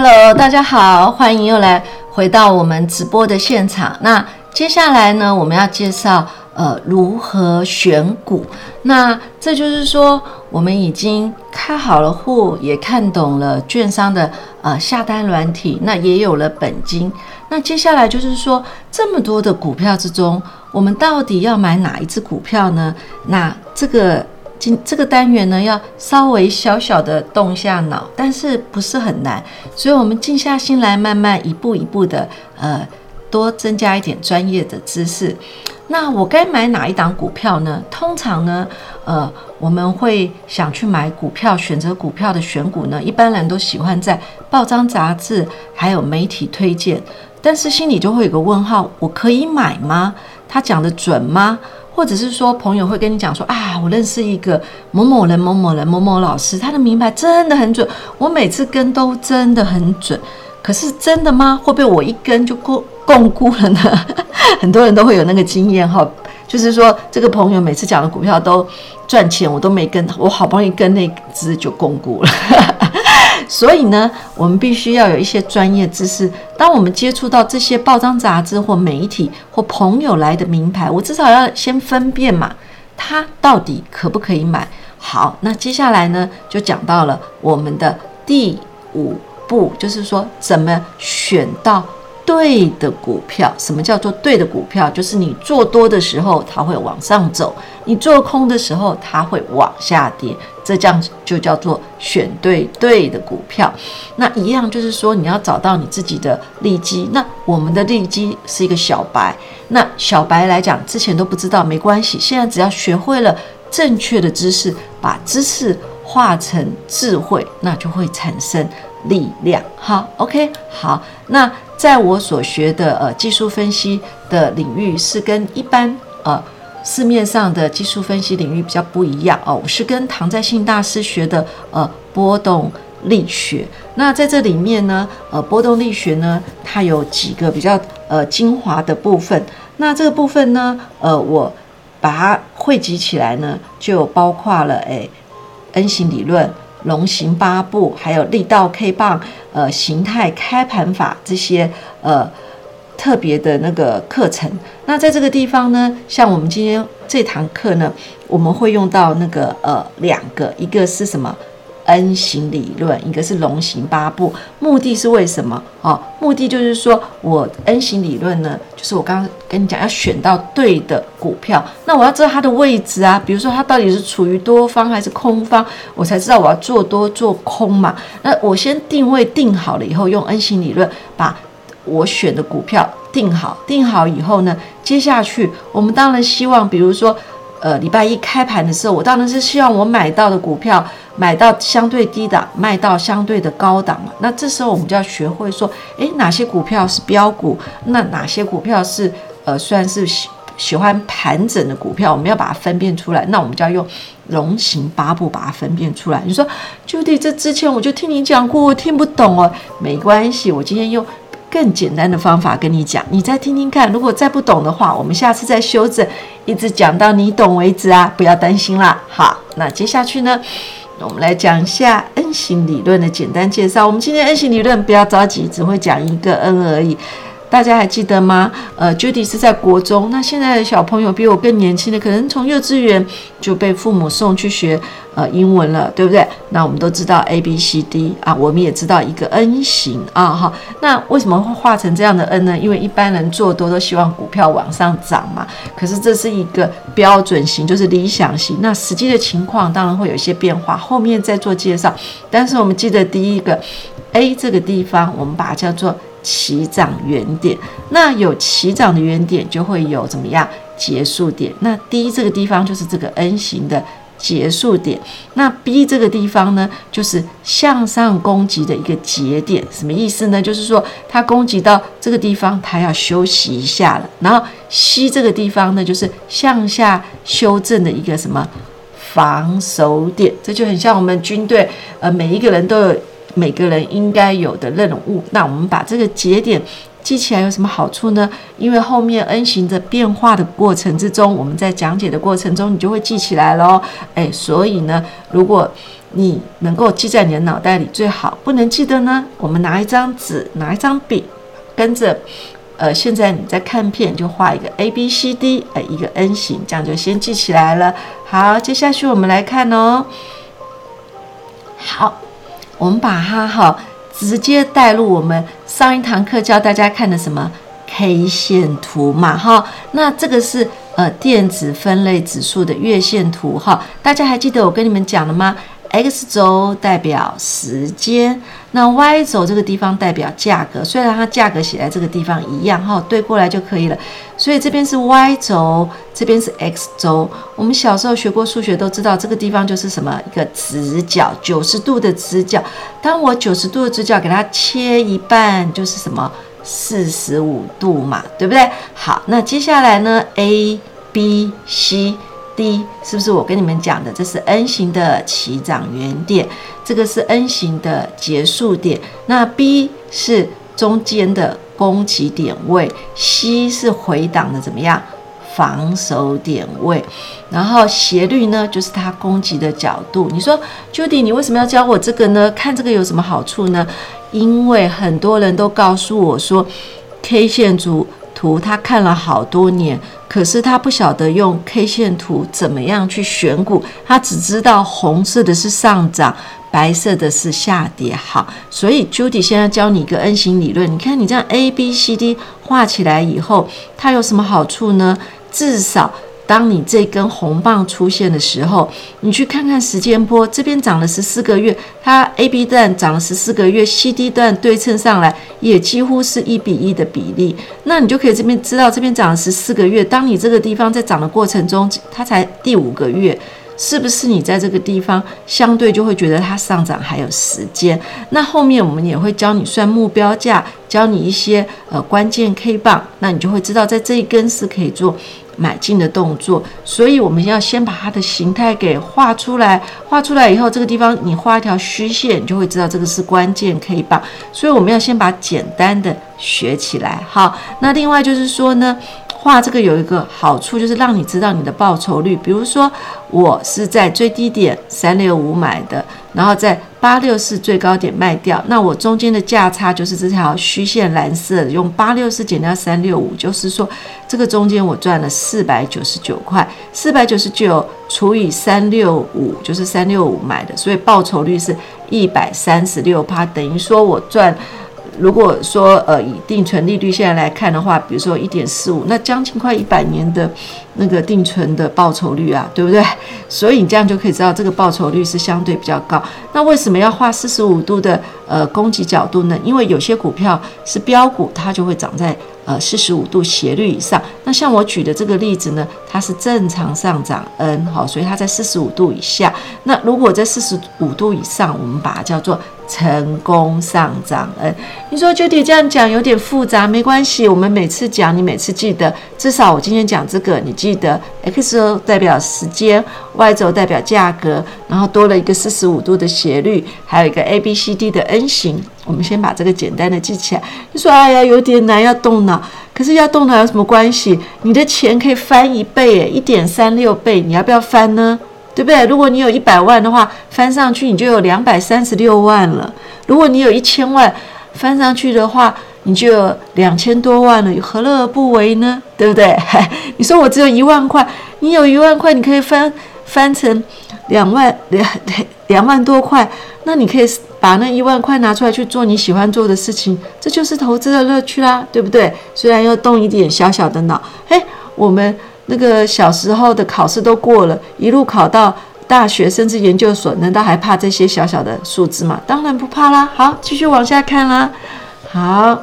Hello，大家好，歡迎又來回到我們直播的現場。那接下來呢，我們要介紹呃如何選股。那這就是說，我們已經開好了戶，也看懂了券商的呃下單軟體，那也有了本金。那接下來就是說，這麼多的股票之中，我們到底要買哪一只股票呢？那這個。今這個單元呢，要稍微小小的動一下腦，但是不是很難，所以，我們靜下心來，慢慢一步一步的，呃，多增加一點專業的知識。那我該買哪一檔股票呢？通常呢，呃，我們會想去買股票，選擇股票的選股呢，一般人都喜歡在報章雜誌，還有媒體推薦，但是心裡就會有個問號：我可以買嗎？他講得準嗎？或者是說朋友會跟你講說啊，我認識一個某某人某某人某某老師，他的明牌真的很準，我每次跟都真的很準。可是真的嗎？會不會我一跟就摃摃龜了呢？很多人都會有那個經驗哈，就是說這個朋友每次講的股票都賺錢，我都沒跟，我好不容易跟那只就摃龜了。所以呢，我們必須要有一些專業知識。當我們接觸到這些報章雜誌，或媒體，或朋友來的名牌，我至少要先分辨嘛，它到底可不可以買？好，那接下來呢，就講到了我們的第五步，就是說怎麼選到對的股票。什麼叫做對的股票？就是你做多的時候，它會往上走；你做空的時候，它會往下跌。這，這樣就叫做選對對的股票，那一樣就是說你要找到你自己的利基。那我們的利基是一個小白，那小白來講之前都不知道沒關係，現在只要學會了正確的知識，把知識化成智慧，那就會產生力量。好，OK，好。那在我所學的呃技術分析的領域是跟一般呃。市面上的技術分析領域比較不一樣哦，我是跟唐在信大師學的呃波動力學。那在這裡面呢，呃波動力學呢，它有幾個比較呃精華的部分。那這個部分呢，呃我把它匯集起來呢，就包括了哎、欸、N 型理論、龍形八步，還有力道 K 棒、呃形態開盤法這些呃。特別的那個課程，那在這個地方呢，像我們今天這堂課呢，我們會用到那個呃兩個，一個是什麼 N 型理論，一個是龍形八步，目的是為什麼？哦，目的就是說我 N 型理論呢，就是我剛剛跟你講要選到對的股票，那我要知道它的位置啊，比如說它到底是處於多方還是空方，我才知道我要做多做空嘛。那我先定位定好了以後，用 N 型理論把。我選的股票定好，定好以後呢，接下去我們當然希望，比如說，呃，禮拜一開盤的時候，我當然是希望我買到的股票買到相對低檔，賣到相對的高檔嘛。那這時候我們就要學會說，哎，哪些股票是標股，那哪些股票是呃，雖然是喜、喜歡盤整的股票，我們要把它分辨出來。那我們就要用龍行八步把它分辨出來。你說，Judy，這之前我就聽你講過，我聽不懂哦。沒關係，我今天用。更簡單的方法跟你講，你再聽聽看。如果再不懂的話，我們下次再修正，一直講到你懂為止啊！不要擔心啦，好。那接下去呢，我們來講一下 N 型理論的簡單介紹。我們今天 N 型理論不要着急，只會講一個 N 而已。大家還記得嗎？呃，Judy 是在國中。那現在的小朋友比我更年輕的，可能從幼稚園就被父母送去學呃英文了，對不對？那我們都知道 A B C D 啊，我們也知道一個 N 型啊，哈。那為什麼會畫成這樣的 N 呢？因為一般人做多都，都希望股票往上漲嘛。可是這是一個標準型，就是理想型。那實際的情況當然會有一些變化，後面再做介紹。但是我們記得第一個 A 這個地方，我們把它叫做。起漲原點，那有起漲的原點，就會有怎麼樣結束點？那 D 這個地方就是這個 N 型的結束點。那 B 這個地方呢，就是向上攻擊的一個節點，什麼意思呢？就是說它攻擊到這個地方，它要休息一下了。然後 C 這個地方呢，就是向下修正的一個什麼防守點？這就很像我們軍隊，呃，每一個人都有。每個人應該有的任務。那我們把這個節點記起來有什麼好處呢？因為後面 N 型的變化的過程之中，我們在講解的過程中，你就會記起來嘍。誒、欸，所以呢，如果你能夠記在你的腦袋裡最好。不能記得呢，我們拿一張紙，拿一張筆，跟着，呃，現在你在看片，就畫一個 A B C D，誒、呃，一個 N 型，這樣就先記起來了。好，接下去我們來看哦、喔。好。我們把它哈直接帶入我們上一堂課教大家看的什麼 K 線圖嘛哈，那這個是呃電子分類指數的月線圖哈，大家還記得我跟你們講了嗎？x 軸代表時間，那 y 軸這個地方代表價格。雖然它價格寫在這個地方一樣哈、哦，對過來就可以了。所以這邊是 y 軸，這邊是 x 軸。我們小時候學過數學，都知道這個地方就是什麼一個直角，九十度的直角。當我九十度的直角給它切一半，就是什麼四十五度嘛，對不對？好，那接下來呢，a、b、c。D 是不是我跟你們講的？這是 N 型的起漲原點，這個是 N 型的結束點。那 B 是中間的攻擊點位，C 是回檔的怎麼樣？防守點位。然後斜率呢，就是它攻擊的角度。你說，Judy，你為什麼要教我這個呢？看這個有什麼好處呢？因為很多人都告訴我說，K 線圖。圖他看了好多年，可是他不曉得用 K 線圖怎麼樣去選股，他只知道紅色的是上漲，白色的是下跌。好，所以 Judy 現在教你一個 N 型理論，你看你這樣 A B C D 畫起來以後，它有什麼好處呢？至少。當你這根紅棒出現的時候，你去看看時間波這邊漲了十四個月，它 A B 段漲了十四個月，C D 段對稱上來也幾乎是一比一的比例，那你就可以這邊知道這邊漲了十四個月。當你這個地方在漲的過程中，它才第五個月，是不是你在這個地方相對就會覺得它上漲還有時間？那後面我們也會教你算目標價，教你一些呃關鍵 K 棒，那你就會知道在這一根是可以做。買進的動作，所以我們要先把它的形態給畫出來。畫出來以後，這個地方你畫一條虛線，你就會知道這個是關鍵 K 棒。所以我們要先把簡單的。學起來好，那另外就是說呢，畫這個有一個好處，就是讓你知道你的報酬率。比如說，我是在最低點三六五買的，然後在八六四最高點賣掉，那我中間的價差就是這條虛線藍色，用八六四減掉三六五，5, 就是說這個中間我賺了四百九十九塊，四百九十九除以三六五就是三六五買的，所以報酬率是一百三十六趴，等於說我賺。如果說呃，以定存利率現在來看的話，比如說一點四五，那將近快一百年的那個定存的報酬率啊，對不對？所以你這樣就可以知道這個報酬率是相對比較高。那為什麼要畫四十五度的呃攻擊角度呢？因為有些股票是飆股，它就會漲在呃四十五度斜率以上。那像我舉的這個例子呢，它是正常上漲 n 好、哦，所以它在四十五度以下。那如果在四十五度以上，我們把它叫做。成功上漲，哎，你說具體這樣講有點複雜，沒關係。我們每次講，你每次記得。至少我今天講這個，你記得。x 軸代表時間，y 軸代表價格，然後多了一個四十五度的斜率，還有一個 abcd 的 n 型。我們先把這個簡單的記起來。你說，哎呀，有點難，要動腦。可是要動腦有什麼關係？你的錢可以翻一倍，一點三六倍，你要不要翻呢？對不對？如果你有一百萬的話，翻上去你就有兩百三十六萬了。如果你有一千萬，翻上去的話，你就有兩千多萬了。何樂而不為呢？對不對？你說我只有一萬塊，你有一萬塊，你可以翻翻成兩萬兩兩萬多塊。那你可以把那一萬塊拿出來去做你喜歡做的事情，這就是投資的樂趣啦，啊，對不對？雖然要動一點小小的腦，哎，我們。那個小時候的考試都過了，一路考到大學，甚至研究所，難道還怕這些小小的數字嗎？當然不怕啦！好，繼續往下看啦。好，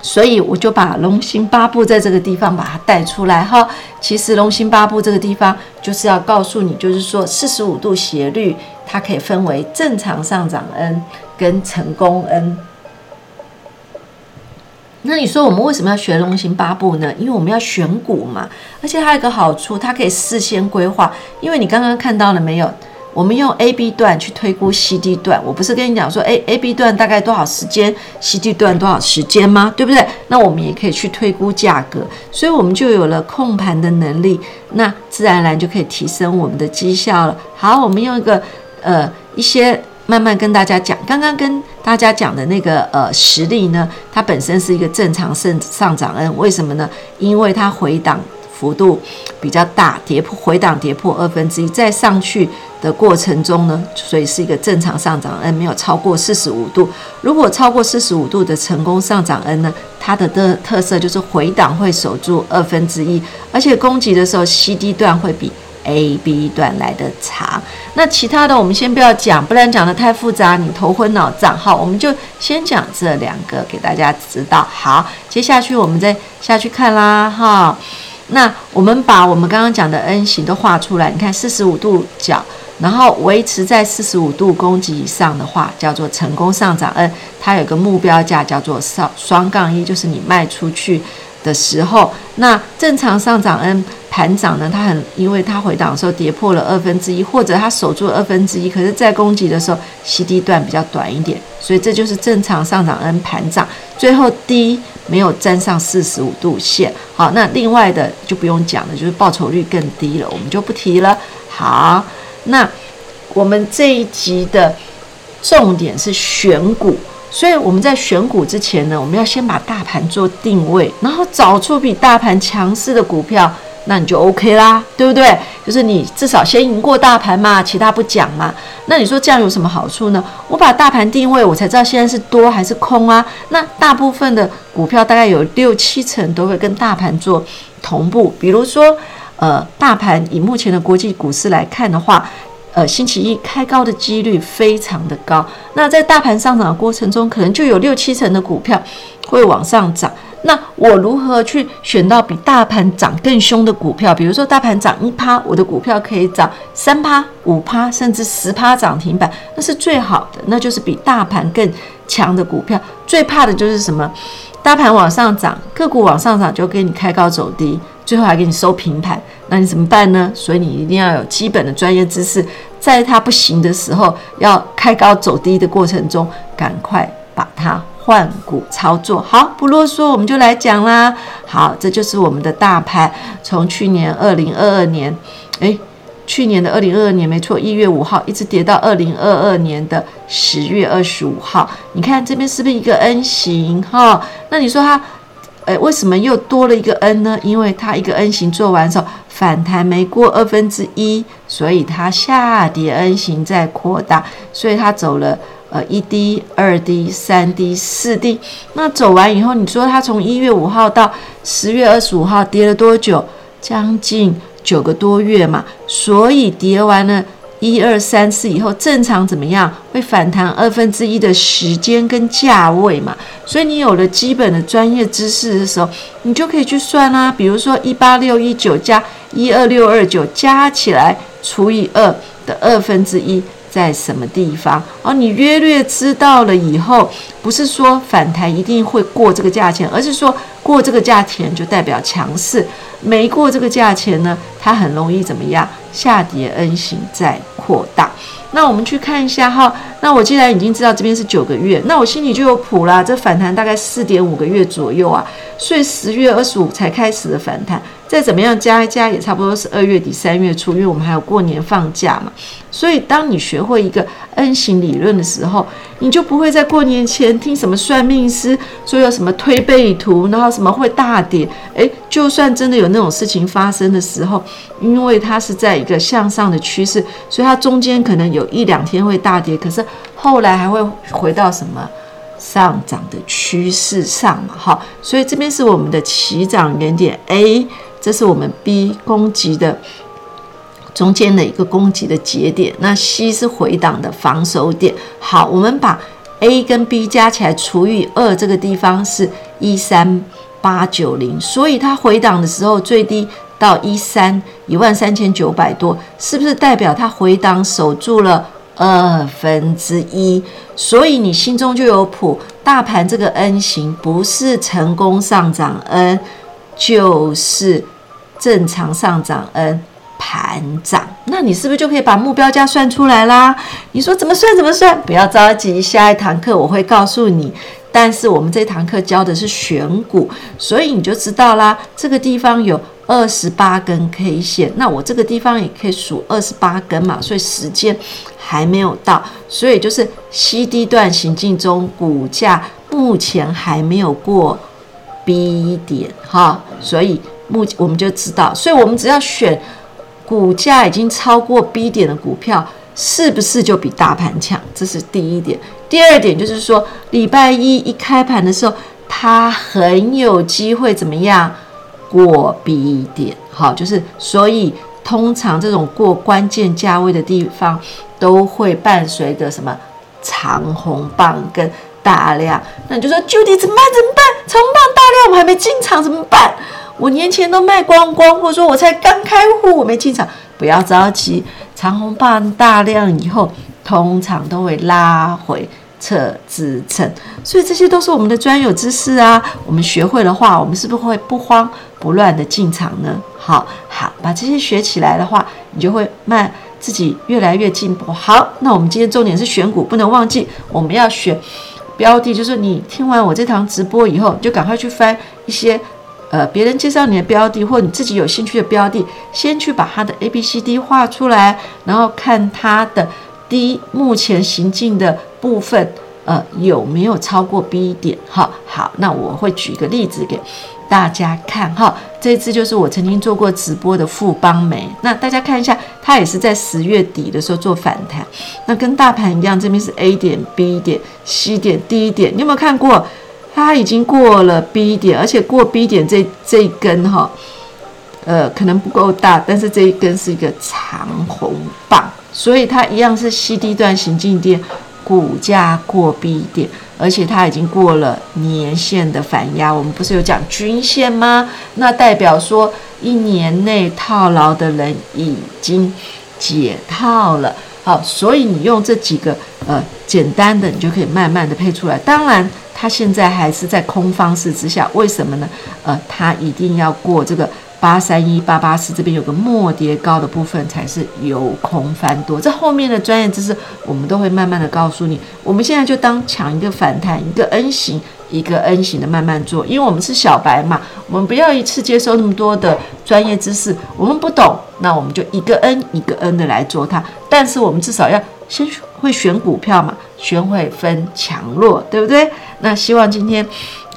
所以我就把龍心八步在這個地方把它帶出來哈、哦。其實龍心八步這個地方就是要告訴你，就是說四十五度斜率，它可以分為正常上漲 N 跟成功 N。那你說我們為什麼要學龍行八步呢？因為我們要選股嘛，而且還有一個好處，它可以事先規劃。因為你剛剛看到了沒有，我們用 A B 段去推估 C D 段，我不是跟你講說，誒，A B 段大概多少時間，C D 段多少時間嗎？對不對？那我們也可以去推估價格，所以我們就有了控盤的能力，那自然而然就可以提升我們的績效了。好，我們用一個呃一些慢慢跟大家講，剛剛跟。大家講的那個呃實力呢，它本身是一個正常上上漲 N，為什麼呢？因為它回檔幅度比較大，跌破回檔跌破二分之一，再上去的過程中呢，所以是一個正常上漲 N，沒有超過四十五度。如果超過四十五度的成功上漲 N 呢，它的的特色就是回檔會守住二分之一，2, 而且攻擊的時候 CD 段會比。A B 段來的長，那其他的我們先不要講，不然講得太複雜，你頭昏腦脹。好，我們就先講這兩個給大家知道。好，接下去我們再下去看啦，哈。那我們把我們剛剛講的 N 型都畫出來，你看四十五度角，然後維持在四十五度攻擊以上的話，叫做成功上漲 N。它有個目標價叫做上雙槓一，1, 就是你賣出去的時候，那正常上漲 N。盤漲呢，它很，因為它回檔的時候跌破了二分之一，或者它守住二分之一，可是在攻擊的時候，C D 段比較短一點，所以這就是正常上漲 N 盤漲，最後 D 沒有沾上四十五度線。好，那另外的就不用講了，就是報酬率更低了，我們就不提了。好，那我們這一集的重點是選股，所以我們在選股之前呢，我們要先把大盤做定位，然後找出比大盤強勢的股票。那你就 OK 啦，對不對？就是你至少先贏過大盤嘛，其他不講嘛。那你說這樣有什麼好處呢？我把大盤定位，我才知道現在是多還是空啊。那大部分的股票大概有六七成都會跟大盤做同步。比如說，呃，大盤以目前的國際股市來看的話，呃，星期一開高的幾率非常的高。那在大盤上漲的過程中，可能就有六七成的股票會往上漲。那我如何去選到比大盤漲更兇的股票？比如說大盤漲一趴，我的股票可以漲三趴、五趴，甚至十趴漲停板，那是最好的，那就是比大盤更強的股票。最怕的就是什麼？大盤往上漲，個股往上漲就給你開高走低，最後還給你收平盤，那你怎麼辦呢？所以你一定要有基本的專業知識，在它不行的時候，要開高走低的過程中，趕快把它。換股操作。好，不囉嗦，我們就來講啦。好，這就是我們的大盤，從去年二零二二年，哎，去年的二零二二年沒錯，一月五號一直跌到二零二二年的十月二十五號。你看這邊是不是一個 N 型哈、哦？那你說它，哎，為什麼又多了一個 N 呢？因為它一個 N 型做完之後反彈沒過二分之一，2, 所以它下跌 N 型在擴大，所以它走了。呃，一滴、二滴、三滴、四滴，那走完以後，你說它從一月五號到十月二十五號跌了多久？將近九個多月嘛。所以跌完了一二三四以後，正常怎麼樣會反彈二分之一的時間跟價位嘛？所以你有了基本的專業知識的時候，你就可以去算啦、啊。比如說一八六一九加一二六二九加起來除以二的二分之一。在什麼地方？而、哦，你約略知道了以後，不是說反彈一定會過這個價錢，而是說過這個價錢就代表強勢，沒過這個價錢呢，它很容易怎麼樣下跌？N 型再擴大。那我們去看一下哈。那我既然已經知道這邊是九個月，那我心裡就有譜啦。這反彈大概四點五個月左右啊，所以十月二十五才開始的反彈。再怎麼樣加一加也差不多是二月底三月初，因為我們還有過年放假嘛。所以當你學會一個 N 型理論的時候，你就不會在過年前聽什麼算命師說有什麼推背圖，然後什麼會大跌。哎，就算真的有那種事情發生的時候，因為它是在一個向上的趨勢，所以它中間可能有一兩天會大跌，可是後來還會回到什麼上漲的趨勢上嘛。好，所以這邊是我們的起漲原點 A。這是我們 B 攻擊的中間的一個攻擊的節點，那 C 是回檔的防守點。好，我們把 A 跟 B 加起來除以二，這個地方是一三八九零，所以它回檔的時候最低到一三，一萬三千九百多，是不是代表它回檔守住了二分之一？2? 所以你心中就有譜，大盤這個 N 型不是成功上漲 N。就是正常上漲，嗯，盤漲，那你是不是就可以把目標價算出來啦？你說怎麼算怎麼算，不要着急，下一堂課我會告訴你。但是我們這堂課教的是選股，所以你就知道啦。這個地方有二十八根 K 線，那我這個地方也可以數二十八根嘛，所以時間還沒有到，所以就是 C D 段行進中，股價目前還沒有過。B 點哈，所以目我們就知道，所以我們只要選股價已經超過 B 點的股票，是不是就比大盤強？這是第一點。第二點就是說，禮拜一一開盤的時候，它很有機會怎麼樣過 B 點？好，就是所以通常這種過關鍵價位的地方，都會伴隨着什麼長紅棒跟。大量，那你就說，究竟怎麼辦？怎麼辦？長紅棒大量，我還沒進場怎麼辦？我年前都賣光光，或者說我才剛開戶，我沒進場，不要着急。長紅棒大量以後，通常都會拉回測支撐，所以這些都是我們的專有知識啊。我們學會的話，我們是不是會不慌不亂的進場呢？好好把這些學起來的話，你就會慢自己越來越進步。好，那我們今天重點是選股，不能忘記，我們要選。標的就是你聽完我這堂直播以後，就趕快去翻一些，呃，別人介紹你的標的，或你自己有興趣的標的，先去把它的 A、B、C、D 畫出來，然後看它的 D 目前行進的部分，呃，有沒有超過 B 點？哈，好，那我會舉一個例子給。大家看哈、哦，這次就是我曾經做過直播的富邦媒。那大家看一下，它也是在十月底的時候做反彈。那跟大盤一樣，這邊是 A 點、B 點、C 點、D 點。你有沒有看過？它已經過了 B 點，而且過 B 點這這一根哈、哦、呃，可能不夠大，但是這一根是一個長紅棒，所以它一樣是 C D 段行進點。股價過 B 點，而且它已經過了年線的反壓。我們不是有講均線嗎？那代表說一年內套牢的人已經解套了。好，所以你用這幾個呃簡單的，你就可以慢慢的配出來。當然，它現在還是在空方式之下，為什麼呢？呃，它一定要過這個。八三一八八四這邊有個莫跌高的部分，才是有空翻多。這後面的專業知識我們都會慢慢的告訴你。我們現在就當搶一個反彈，一個 N 型，一個 N 型的慢慢做，因為我們是小白嘛，我們不要一次接受那麼多的專業知識，我們不懂，那我們就一個 N 一個 N 的來做它。但是我們至少要先會選股票嘛，學會分強弱，對不對？那希望今天，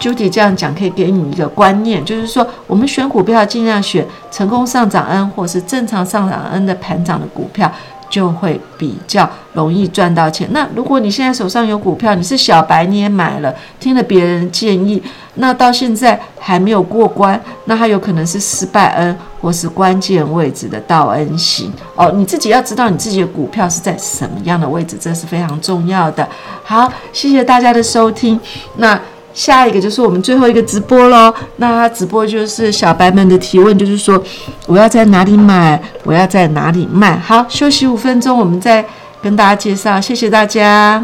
Judy 這樣講可以給你一個觀念，就是說我們選股票盡量選成功上漲 N 或是正常上漲 N 的盤漲的股票，就會比較容易賺到錢。那如果你現在手上有股票，你是小白你也買了，聽了別人建議，那到現在還沒有過關，那它有可能是失敗 N 或是關鍵位置的倒 N 型哦。你自己要知道你自己的股票是在什麼樣的位置，這是非常重要的。好，謝謝大家的收聽。那。下一個就是我們最後一個直播嘍，那直播就是小白們的提問，就是說我要在哪裡買、我要在哪裡賣。好，休息五分鐘，我們再跟大家介紹，謝謝大家。